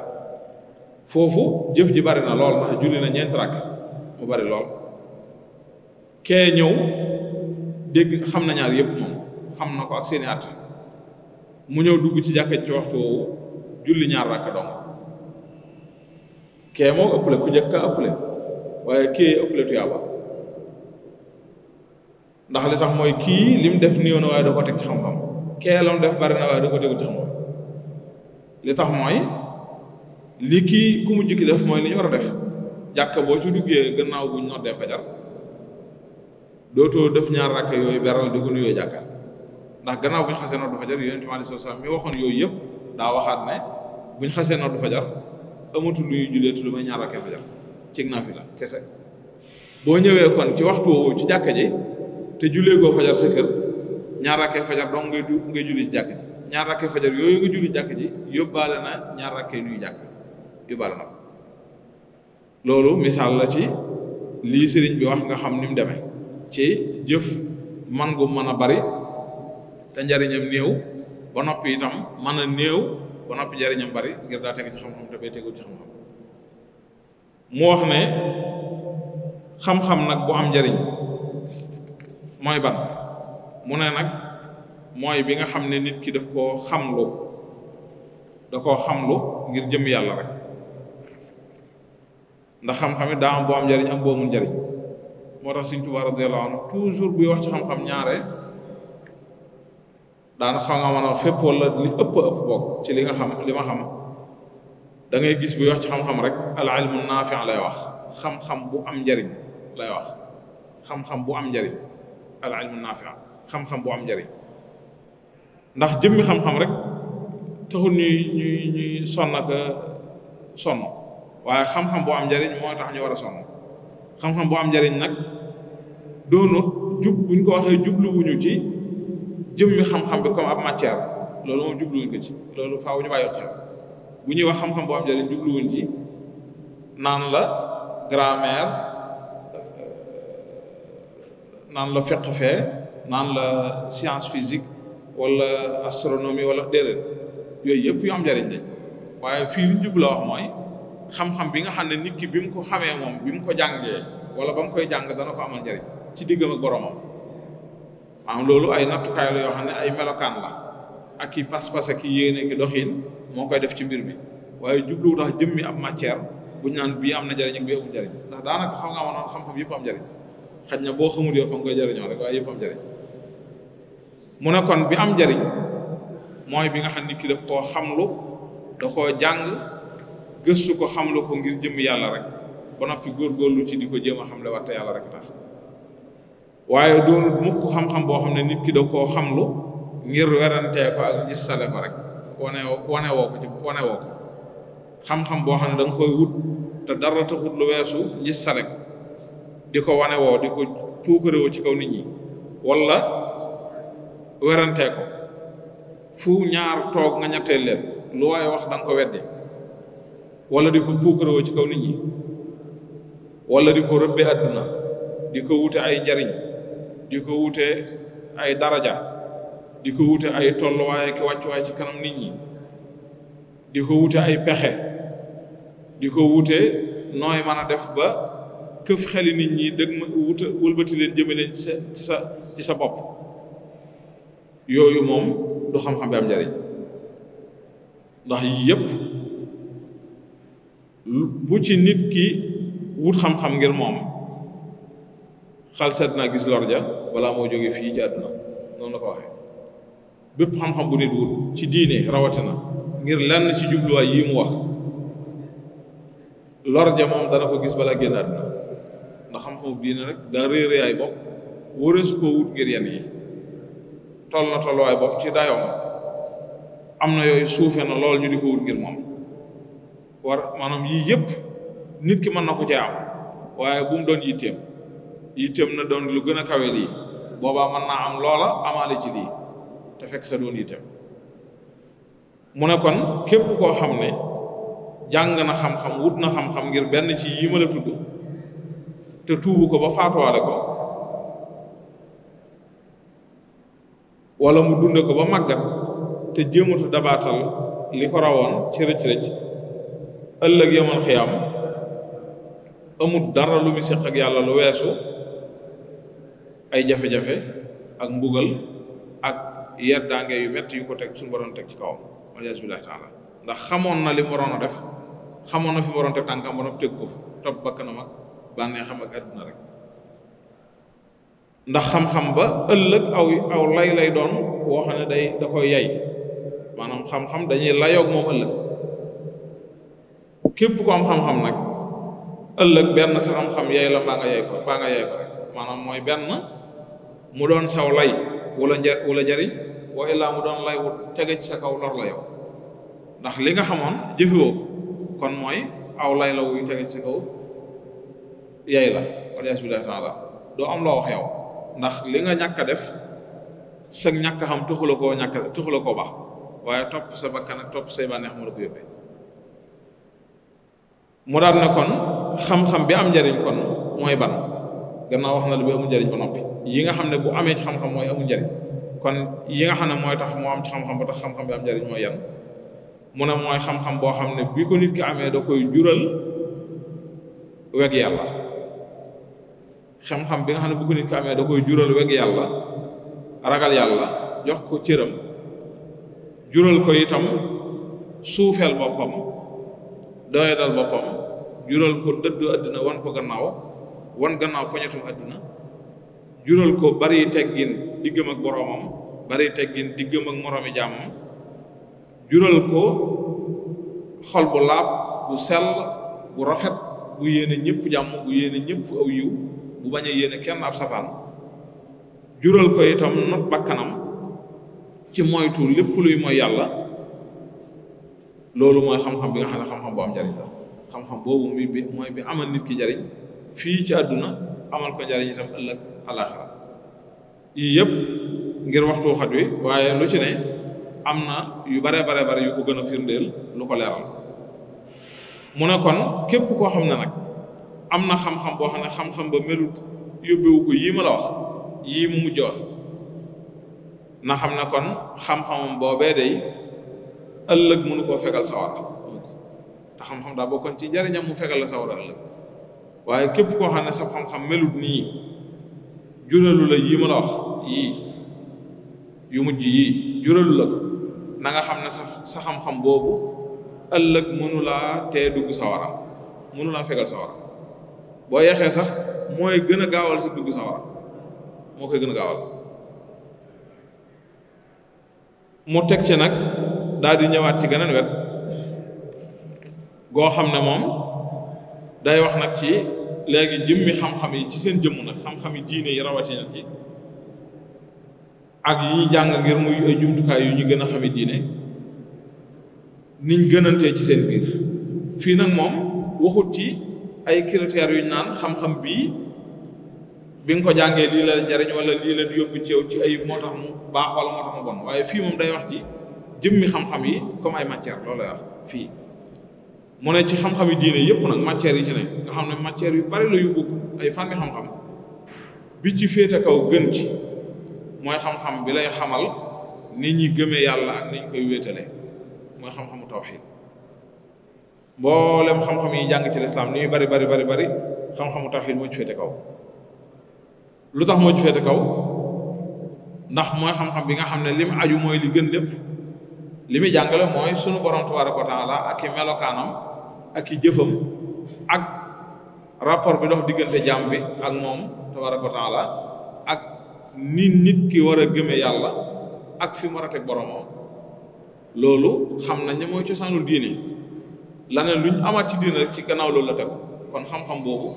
foofu jëf ji bari na lool ndax julli na ñeent rakk mu bari lool kee ñëw dégg xam na ñaar yépp moom xam na ko ak seeni at mu ñëw dugg ci jàkka ci waxtu woowu julli ñaar rakk dong kee moo ëpple ku njëkk ëpple waaye kee ëpple tuyaaba ndax li sax mooy kii li mu def néew na waaye da ko teg ci xam-xam kee la mu def bari na waaye da ko tegu ci xam-xam li tax mooy li kii ku mu jikki def mooy li ñu war a def jàkka boo ci duggee gannaaw bu ñu noddee fajar def ñaar rakk yooyu beral di ko nuyoo gannaaw bu ñu xasee noddu fajar yonent bi alayhi salaam mi waxoon yooyu yëpp daa waxaat ne bu ñu xasee noddu fajar amatul lu ñuy julleetu lu may ñaar rakk fajar cig naa fi la kese boo ñëwee kon ci waxtu woowu ci jàkka ji te jullee goo fajar sa kër ñaar rakkee fajar dong ngay julli ci jàkk ñaar rakkee fajar yooyu nga julli jàkk ji yóbbaale na ñaar rakkee nuy jàkk yóbbaale na loolu misaal la ci lii sëriñ bi wax nga xam ni mu demee ci jëf man gu mën a bari te njariñam néew ba noppi itam mën a néew ba noppi njariñam bari ngir daa tegu ci xam-xam tegu ci xam-xam mu wax ne xam-xam nag bu am njariñ mooy ban mu ne nag mooy bi nga xam ne nit ki def koo xamlu da koo xamlu ngir jëm yàlla rek ndax xam-xam it daa am boo am njariñ am boo mun njariñ moo tax Sëriñ Tuubaa radiyallaahu anhu toujours buy wax ci xam-xam ñaare daana xam nga mën a wax fépp wala li ëpp ëpp bokk ci li nga xam li ma xam da gis buy wax ci xam-xam rek al ilmu naafi lay wax xam-xam bu am njariñ lay wax xam-xam bu am njariñ al ilmu naafi xam-xam bu am njëriñ ndax jëmmi xam-xam rek taxul ñuy ñuy ñuy sonn ak sonn waaye xam-xam bu am njëriñ moo tax ñu war a sonn xam-xam bu am njëriñ nag doonut jub buñ ko waxee jubluwuñu ci jëmmi xam-xam bi comme ab matière loolu moom jubluwuñ ko ci loolu faaw ñu bàyyi xel bu ñuy wax xam-xam bu am njëriñ jubluwuñ ci naan la grammaire naan la fiq fee naan la science physique wala astronomie wala déedéet yooyu yëpp yu am njëriñ lañ waaye fii liñ wax mooy xam-xam bi nga xam ne nit ki bi mu ko xamee moom bi mu ko jàngee wala ba mu koy jàng dana ko amal njëriñ ci diggam ak boromam maanaam loolu ay nattukaay la yoo xam ne ay melokaan la ak ki pas-pas ak ki yéene ki doxin moo koy def ci mbir mi waaye jubluwu tax jëmmi am matière bu naan bii am na njëriñ ak bii amul ndax daanaka xam xaj na boo xamul yow fa nga koy jëriñoo rek waaye yëpp am jëriñ kon bi am jariñ mooy bi nga xam ni ki daf koo xamlu da koo jàng gëstu ko xamlu ko ngir jëm yàlla rek ba noppi góorgóorlu ci di ko jéem a xamle waxte yàlla rek tax waaye doonut mukk xam-xam boo xam ne nit ki da koo xamlu ngir werantee ko ak gis sale ko rek wane wane xam-xam boo xam ne da nga koy wut te dara taxut lu weesu gis sale di ko wane woo di ko puukare woo ci kaw nit ñi wala werantee ko fu ñaar toog nga ñetteel lu waaye wax da ko wedde wala di ko puukare woo ci kaw nit ñi wala di ko rëbbe àdduna di ko wute ay njariñ di ko wute ay daraja di ko wute ay tolluwaay ki wàccuwaay ci kanam nit ñi di ko wute ay pexe di ko wute nooy man a def ba këf xeli nit ñi dëgg ma wuta wëlbati leen jëme leen ci sa ci sa bopp yooyu moom du xam-xam bi am njariñ ndax yépp bu ci nit ki wut xam-xam ngir moom sedd naa gis lor ja balaa moo jóge fii ci àdduna noonu la ko waxee bépp xam-xam bu nit wut ci diine rawatina ngir lenn ci jubluwaay yi mu wax lor ja moom dana ko gis balaa génn àdduna ndax xam-xamu diine rek daa réere ay bopp wëreesu koo wut ngir yenn yi toll na tolluwaay bopp ci dayoom am na yooyu suufe na lool ñu di ko wut ngir moom war maanaam yii yëpp nit ki mën na ko cee am waaye bu mu doon yitteem yitteem na doon lu gën a kawe lii boobaa mën naa am loola amaale ci lii te fekk sa doon yitteem mu ne kon képp koo xam ne jàng na xam-xam wut na xam-xam ngir benn ci yi ma la tudd te tuubu ko ba faatuwaale ko walla mu dunde ko ba màggat te jéematu dabaatal li ko rawoon ci rëcc-rëcc ëllëg yamal xiyaam amut dara lu mu ak yàlla lu weesu ay jafe-jafe ak mbugal ak yeddaange yu metti yu ko teg suñu borom teg ci kawam bi billahi taala ndax xamoon na li mu waroon a def xamoon na fi mu waroon teg tànkam ba noppi teg ko fa topp bakkanam ak bànnee xam ak àdduna rek ndax xam-xam ba ëllëg aw lay lay doon woo xam ne day da koy yay maanaam xam-xam dañuy layoog moom ëllëg képp ku am xam-xam nag ëllëg benn sa xam-xam yay la baa nga yay ko baa mooy benn mu doon saw lay wala nja wala jariñ wa illaa mu doon lay wu tege ci sa kaw lor la yow ndax li nga xamoon jëfewoo kon mooy aw lay la wuy tege ci sa kaw yey la yas billahi taala do am lo wax yow ya ndax li nga ñaka def sa ñaka xam tuxul ko ñaka tuxul ko ba waye top sa bakkan top say banex mu rek yobbe mu dal na kon xam xam bi am jariñ kon moy ban gannaaw wax na lu bi amu jariñ ba nopi yi nga xamne bu amé xam xam moy amu jariñ kon yi nga xamne moy tax mo am ci xam xam ba tax xam xam bi am jariñ moy yam mu ne moy xam-xam bo xam ne bi ko nit ki amé da koy jural wek yalla xam-xam bi nga xam ne bu ko nit ko amee da koy jural weg yàlla ragal yàlla jox ko cëram jural ko itam suufeel boppam doyadal boppam jural ko dëddu àddina wan ko gannaaw wan gannaaw poñetum àddina jural ko bari teggin diggam ak boroomam bari teggin diggam ak moroomi jaamam jural ko xol bu laab bu sel bu rafet bu yéene ñëpp jàmm bu yéene ñëpp aw yiw bu bañ a kenn ab safaan jural ko itam not bakkanam ci moytu lépp luy mooy yàlla loolu mooy xam-xam bi nga xam ne xam-xam bu am boobu bi mooy bi amal nit ki njariñ fii ci àdduna amal ko njariñ itam ëllëg àllaaxira yii yëpp ngir waxtu xat wi waaye lu ci ne am na yu bare bare bare yu ko gën a lu ko leeral mu ne kon képp koo xam ne nag am na xam-xam boo xam ne xam-xam ba melut yóbbewu ko yii ma la wax yii mu mujj wax na xam ne kon xam-xamam boobee ëllëg mënu koo fegal sawara te xam-xam daa bokkoon ci njariñam mu fegal la sawara ëllëg képp koo xam ne sa xam-xam melut nii juralu la yii ma wax yu mujj yii juralu xam ne sa sa xam boobu ëllëg mënu tee dugg sawara mënu fegal sawara boo yeexee sax mooy gën a gaawal sa dugg sawara moo koy gën a gaawal mu teg ci nag daal di ñëwaat ci geneen wet goo xam ne moom day wax nag ci léegi jëmmi xam-xam yi ci seen jëmm nag xam-xam yi diine yi rawatina ci ak yi ñuy jàng ngir muy ay jumtukaay yu ñu gën a xame diine niñ gënantee ci seen biir fii nag moom waxut ci ay critères yu ñu naan xam-xam bii bi nga ko jàngee lii la jariñ wala lii la yóbbu ci yow ci ay moo tax mu baax wala moo tax mu bon waaye fii moom day wax ci jëmmi xam-xam yi comme ay matière loolu lay fii mu ne ci xam-xam yi diine yëpp nag matières yi ci ne nga xam ne matière yu bari la yu bokk ay fànni xam-xam bi ci féete kaw gën ci mooy xam-xam bi lay xamal ni ñi gëmee yàlla ak ni ñu koy wéetale mooy xam-xamu tawxiid mboolem xam-xam yi jàng ci lislaam li muy bari bari bari bari xam-xamu tawxiid moo ci féete kaw lu tax moo ci féete kaw ndax mooy xam-xam bi nga xam ne li aju mooy li gën lépp li muy jàngale mooy sunu borom tabaaraka wa taala ak i melokaanam ak i jëfam ak rapport bi dox diggante jaam bi ak moom tabaaraka wa taala ak ni nit ki war a gëme yàlla ak fi mu war a teg boromam loolu xam nañ ne mooy cosaanul diine laneen lu ñu amaat ci diine rek ci gannaaw loolu la tegu kon xam-xam boobu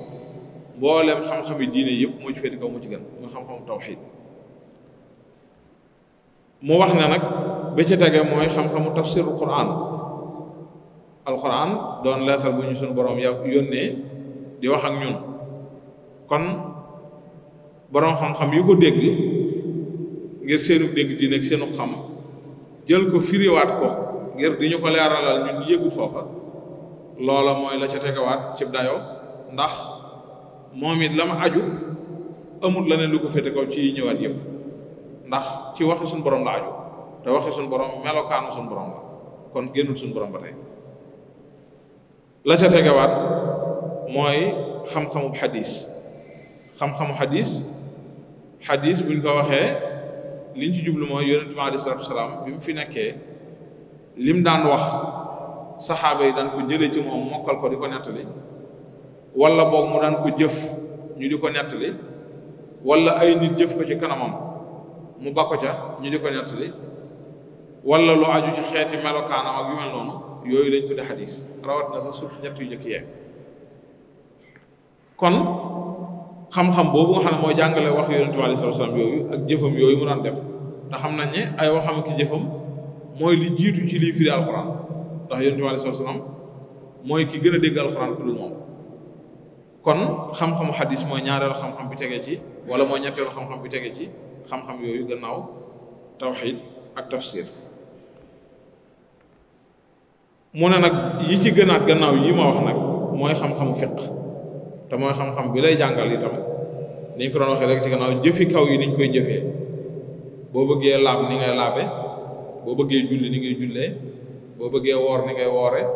mbooleem xam-xami diine yëpp moo ci féete kaw moo ci gën mooy xam-xamu tawxiid mu wax ne nag bi ci tege mooy xam-xamu tafsiru quran alquran doon leetar bu ñu suñu boroom ya yónnee di wax ak ñun kon boroom xam-xam yu ko dégg ngir seenu dégg diine ak seenu xam jël ko firiwaat ko ngir di ñu ko leeralal ñun yëgu foofa loola mooy la ca tegawaat cib dayo ndax moom it la ma aju amul la ne lu ko féete kaw ci ñëwaat yëpp ndax ci waxi suñu borom la aju te waxi suñ borom melokaanu suñu borom la kon génnul suñu borom ba tey la ca tegawaat mooy xam-xamu xadis xam-xamu xadis xadis buñ ko waxee li ci jublu mooy yonent bi alayhi salaatu wa salaam bi mu fi nekkee lim daan wax. saxaaba yi daan ko jëlee ci moom mokkal ko di ko nettali wala boog mu daan ko jëf ñu di ko nettali wala ay nit jëf ko ci kanamam mu bakko ca ñu di ko nettali wala lu aju ci xeeti melokaanam ak yu mel noonu yooyu lañ tudde xadis rawat na sax surtout ñett yu njëkk yee kon xam-xam boobu nga xam mooy jàngale wax yonente bi yooyu ak jëfam yooyu mu daan def te xam nañ ay waxam ki jëfam mooy li jiitu ci lii firi alxuraan ndax yonent bi aleyhi salaatu salaam mooy ki gën a dégg alxuraan ku dul moom kon xam-xamu xadis mooy ñaareelu xam-xam bi tege ci wala mooy ñetteelu xam-xam bi tege ci xam yooyu gannaaw tawxid ak tafsir mu ne nag yi ci gënaat gannaaw yi ma wax nag mooy xam-xamu fiq te mooy xam-xam bi lay jàngal itam ni ñu ko doon waxee rek ci gannaaw jëfi kaw yi niñ koy jëfee boo bëggee laab ni ngay laabe boo bëggee julli ni ngay jullee boo bëggee woor ni ngay wooree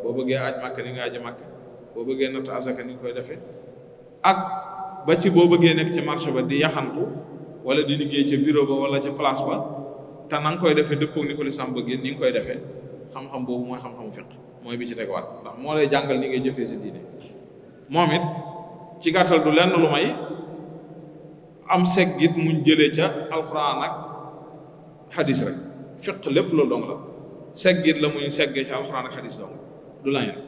boo bëggee aj màkk ni nga aji màkk boo bëggee natt asaka ni nga koy defee ak ba ci boo bëggee nekk ci marché ba di yaxantu wala di liggéey ca bureau ba wala ca place ba te na nga koy defee dëppoo ni ko lislaam bëggee ni koy defee xam boobu mooy xam-xamu mooy bi ci tegwaat ndax moo lay jàngal ni ngay jëfee si diine moom it ci gàttal du lenn lu may am seggit mu jëlee ca alxuraan ak xadis rek fiq lépp loolu dong la seggit la muy seggee ci alxuraan ak xadis dong du leneen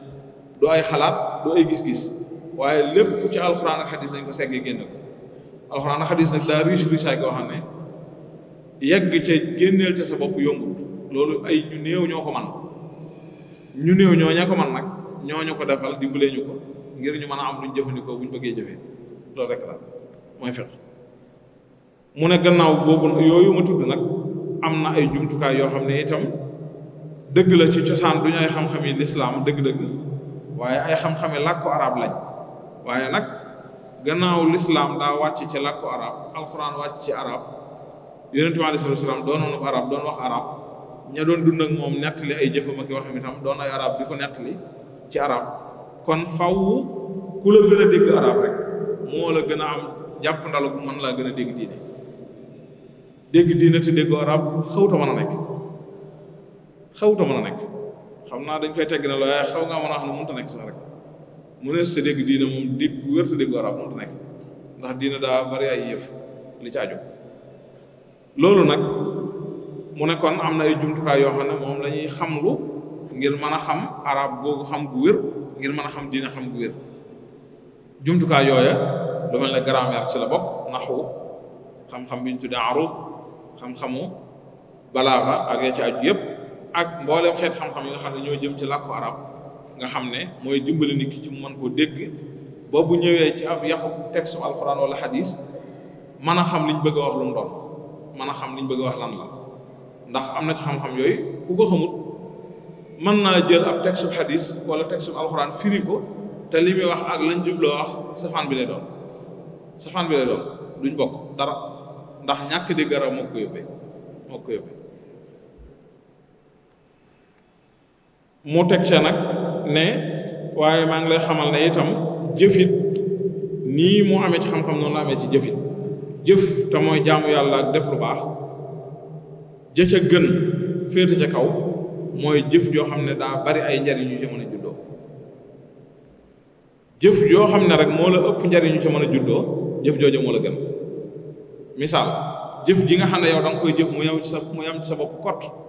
du ay xalaat du ay gis-gis waaye lépp ci alxuraan ak xadis ko seggee génne ko alxuraan ak xadis nag daa riche richaay koo xam ne yegg ca génneel ca sa bopp yombut loolu ay ñu néew ñoo ko man ñu néew ñoo ña ko man nag ñoo ñu ko defal dimbalee ñu ko ngir ñu mën a am luñ jëfandikoo buñ bëggee jëfee loolu rek la mooy fiq mu ne gannaaw boobu yooyu ma tudd nag am na ay jumtukaay yoo xam ne dëgg la ci cosaan du ñu ay xam-xam yi lislaam dëgg-dëgg waaye ay xam-xam yi làkku arab lañ waaye nag gannaaw lislaam daa wàcc ci làkku arab alquran wàcc ci arab yonente bi aleyhi salaam doon wax arab ña ay jëfam ak waxam itam doon ay arab di ko nettali ci arab kon faw ku la gën a dégg arab rek moo la gën a am jàpp ndalu bu mën laa gën a dégg diine dégg diine te dégg arab xawta mën a nekk xawuta mën a nekk xam naa dañ koy tegg na la waaye xaw ngaa a xam ne mënta nekk sax rek mu ne sa dégg diina moom dégg wér te dégg arab mënta nekk ndax diina daa bari ay yëf li ci aju loolu nag mu nekkoon am na ay jumtukaay yoo xam ne la ñuy xamlu ngir mën a xam arab googu xam gu wér ngir mën a xam diina xam gu jumtukaay yooya lu mel ci la bokk naxwu xam-xam bi ñu tuddee arub xam-xamu balaaxa ak ya ci aju yëpp ak mboolem xeet xam-xam yi nga xam ne ñoo jëm ci làkku arab nga xam ne mooy dimbali nit ki ci mu mën koo dégg ba bu ñëwee ci ab yaxu texte alquran wala xadis mën a xam liñ bëgg a wax mën a xam liñ bëgg wax lan la ndax am na ci xam-xam yooyu ku ko xamut mën naa jël ab texte xadis wala texte alquran firi ko te li muy wax ak lañ jubloo wax safaan bi lay doon safaan bi lay doon duñ bokk dara ndax ñàkk di garab moo ko yóbbee moo ko yóbbee mu teg ca nag ne waaye maa ngi lay xamal ne itam jëfit nii moo amee ci xam-xam noonu la amee ci jëfit jëf te mooy yàlla ak def lu baax ja ca gën kaw mooy jëf joo xam ne daa bari ay njariñ yu ca mën a juddoo jëf rek moo la ëpp njariñ yu mën a juddoo jëf jooja moo la gën misaal jëf ji nga xam ne yow da nga koy jëf mu yow ci sa mu yam ci sa bopp kott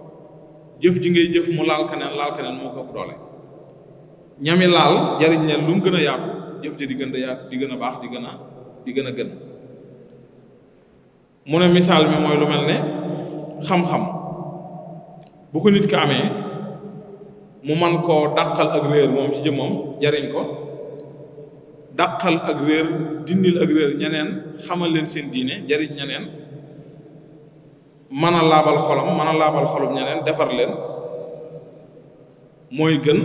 jëf ji ngay jëf mu laal keneen laal keneen moo ko doole ñami laal jariñ leen lu mu gën a yaatu jëf ji di gën a yaatu di gën a baax di gën a di gën a gën mu ne misaal mi mooy lu mel ne xam-xam bu ko nit ki amee mu man koo dàqal ak réer moom ci jëmmam jariñ ko dàqal ak réer dindil ak réer ñeneen xamal leen seen diine jariñ ñeneen mën a laabal xolam mën a laabal xolum ñeneen defar leen mooy gën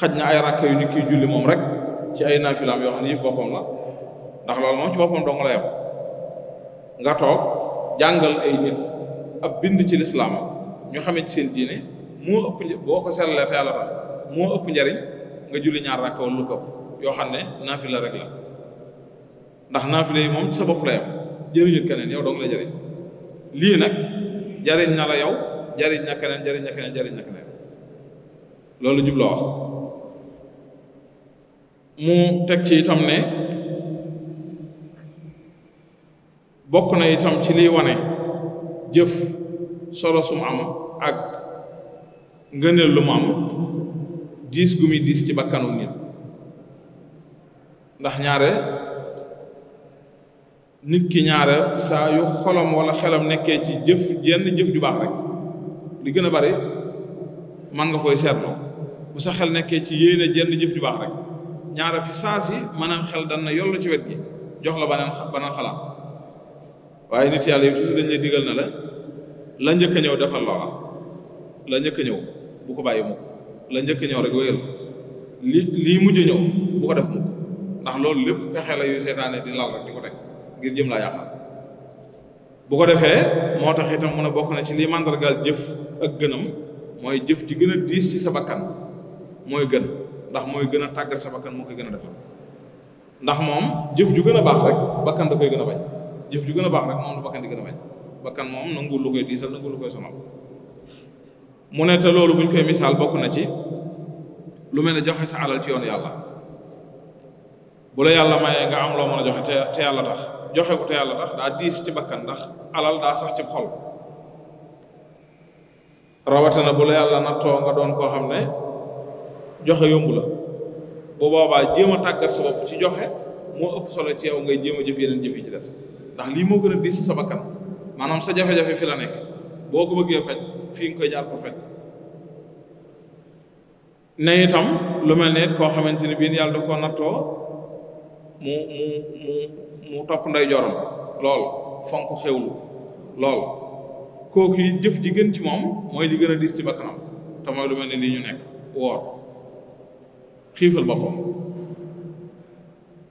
xaj na ay rakk yu nit kiy julli moom rek ci ay naafilaam yoo xam ne yëf boppam la ndax loolu moom ci boppam dong la yem nga toog jàngal ay nit ab bind ci lislaam ñu xamee ci seen diine moo ëpp boo ko seetlee te yàlla tax moo ëpp njariñ nga julli ñaar rakk wala ko yoo xam ne naafila rek la ndax naafila yi moom ci sa bopp la jëriñut keneen yow dong la jëriñ lii nag jariñ na la yow jariñ na keneen jariñ na keneen jariñ na keneen loolu jub mu teg ci itam ne bokk na itam ci liy wane jëf solo su mu am ak ngëneel lu am diis gu diis ci bakkanu nit ndax ñaare nit ki ñaara saa yu xolam wala xelam nekkee ci jëf jenn jëf ju baax rek li gën a bari man nga koy seetloo bu sa xel nekkee ci yéene jenn jëf ju baax rek ñaare fi saa si maanaam xel dan na yollu ci wet gi jox la baneen baneen xalaat waaye nit yàlla yi toujours dañ di digal na la la njëkk ñëw defal loola la njëkk ñëw bu ko bàyyi mukk la njëkk ñëw rek wéyal li lii mujj a ñëw bu ko def mukk ndax loolu lépp pexe la yu seetaane di lal rek di ko teg ngir jëm laa yàqal bu ko defee moo tax itam mun a bokk na ci lii màndargaal jëf ak gënam mooy jëf ji gën a diis ci sa bakkan mooy gën ndax mooy gën a tàggat sa bakkan moo koy gën moom jëf ju gën a baax rek bakkan da koy gën bañ jëf ju gën a baax rek moom la bakkan di gën a bañ bakkan moom nanguwul lu koy diisal nanguwul lu koy sonal mu ne te loolu buñ koy misaal bokk na ci lu mel ne joxe sa alal ci yoon yàlla bu la yàlla mayee nga am loo a joxe te yàlla tax joxe ko te yàlla diis ci bakkan ndax alal daa sax ci xol rawatina bu la yàlla nattoo nga doon koo xam ne joxe yombu la bu boobaa jéem a tàggat sa ci joxe moo ëpp solo ci yow ngay jéem a jëf yeneen jëf yi des ndax lii moo gën diis sa bakkan maanaam sa jafe-jafe fi la nekk boo ko bëggee faj fii nga koy jaar ko faj ne itam lu mel ne koo xamante ni bii yàlla da koo nattoo mu mu mu mu topp nday jorom lool fonk xewlu lool kooku yi jëf jigéen ci moom mooy li gën a diis ci bakkanam te mooy lu mel ne lii ñu nekk woor xiifal boppam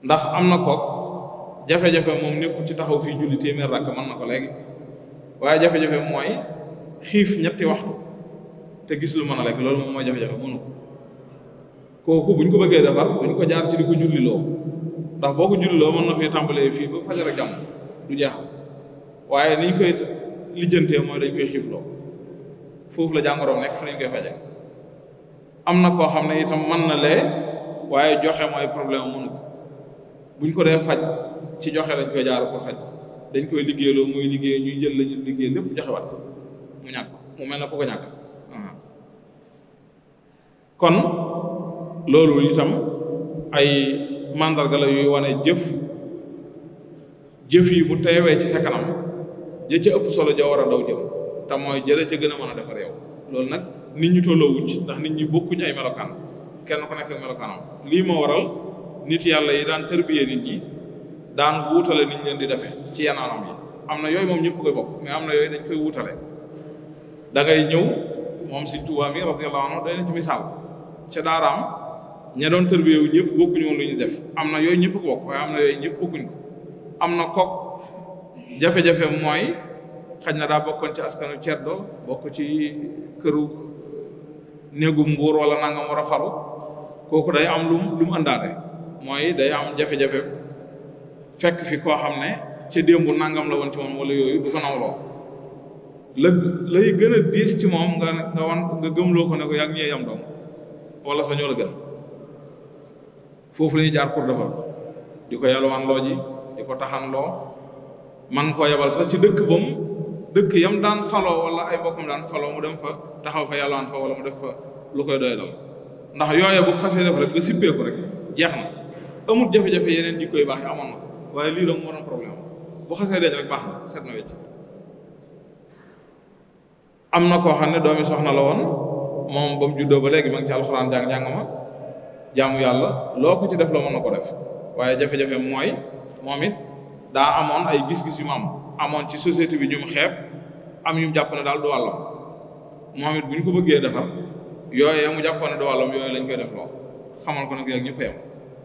ndax am na kook jafe-jafe moom nekkul ci taxaw fii julli téeméer rakk mën na ko léegi waaye jafe-jafe mooy xiif ñetti waxtu te gis lu mën a lekk loolu moom mooy jafe-jafe mënu ko kooku buñ ko bëggee defar buñ ko jaar ci di ko julliloo ndax boo ko julloo mën na fee tàmbalee fii ba fajar ak jàmm du jeexal waaye niñ koy lijjantee mooy dañ koy xiifloo foofu la jàngoroom nekk fa lañ koy faje am na koo xam ne itam mën na lee waaye joxe mooy problème mënu ko buñ ko dee faj ci joxe lañ koy jaar ko faj dañ koy liggéeyloo muy liggéey ñuy jël lañu liggéey lépp joxewaat ko mu ñàkk mu mel na ko ko ñàkk kon loolu itam ay màndarga la yuy wane jëf jëf yi bu teewee ci sa kanam ca ëpp solo ja war a daw jëm te mooy jële ca gën a mën a defar yow loolu nag nit ñu tolloo wuñ ci ndax nit ñi bokkuñ ay melokaan kenn ko nekk ak lii ma waral nit yàlla yi daan tërbiyee nit ñi daan wuutale nit ñi leen di defee ci yenn yi am na yooyu moom ñëpp koy bokk mais am na yooyu dañ koy wuutale da ñëw moom si Tuubaa mi radiyallahu anhu day na ci misaal ca ña doon tërbiye wu ñëpp bokkuñu woon lu ñu def am na yooyu ñëpp bokk waaye am na ñëpp bokkuñ ko am na kook jafe-jafe mooy xaj na daa bokkoon ci askanu ceddo bokk ci këru néegu mbuur wala nangam war a faru kooku day am lu lu mooy day am jafe-jafe fekk fi koo xam ne ca démb nangam la woon ci moom wala yooyu du ko nawloo la lay gën a diis ci moom nga nga wan nga gëmloo ko ne ko yaa ngi ñee yam doom wala sa ñoo la gën foofu la ñuy jaar pour defal ko di ko yalwaanloo ji di ko taxanloo man koo yebal sax ci dëkk ba dëkk yam daan faloo wala ay bokkam daan faloo mu dem fa taxaw fa yalwaan fa wala mu def fa lu koy doy ndax yooye bu xasee def rek ba sippeeku rek jeex na amul jafe-jafe yeneen jikko yu baax yi amoon waaye lii dong moo doon problème bu xasee deñ rek baax na set na wecc am na koo xam ne doomi soxna la woon moom ba mu juddoo ba léegi ma ngi ci alxuraan jàng jàng ma jaamu yàlla loo ko ci def la mën na ko def waaye jafe-jafe mooy moom it daa amoon ay gis-gis yu mu am amoon ci société bi ñu mu xeeb am ñu jàpp ne daal du wàllam moom bu ñu ko bëggee defar yooyee mu jàppoon ne du wàllam yooyu lañ koy def loo xamal ko nag ñu ñëpp yam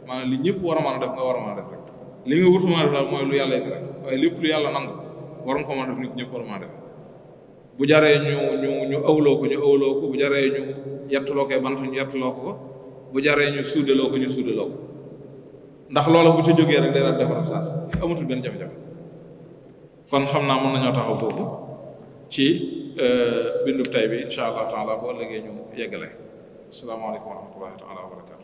maanaam li ñëpp war a mën a def nga war a mën a def rek nga wut mën a def lu yàlla it lépp lu yàlla nangu waroon ko mën a def nit bu jaree ñu ñu ñu ëwloo ko ñu ëwloo ko bu jaree ñu yettuloo koy bant ñu yettuloo ko bu jaree ñu suudeloo ko ñu suudeloo ko ndax loola bu ca jógee rek day daal defaram saas amatul benn jafe-jafe kon xam naa mën nañoo taxaw boobu ci euh, bindu tay bi incha allah taala boo ëllëgee ñu yeggale asalaamaaleykum wa rahmatullahi taala wa barakatu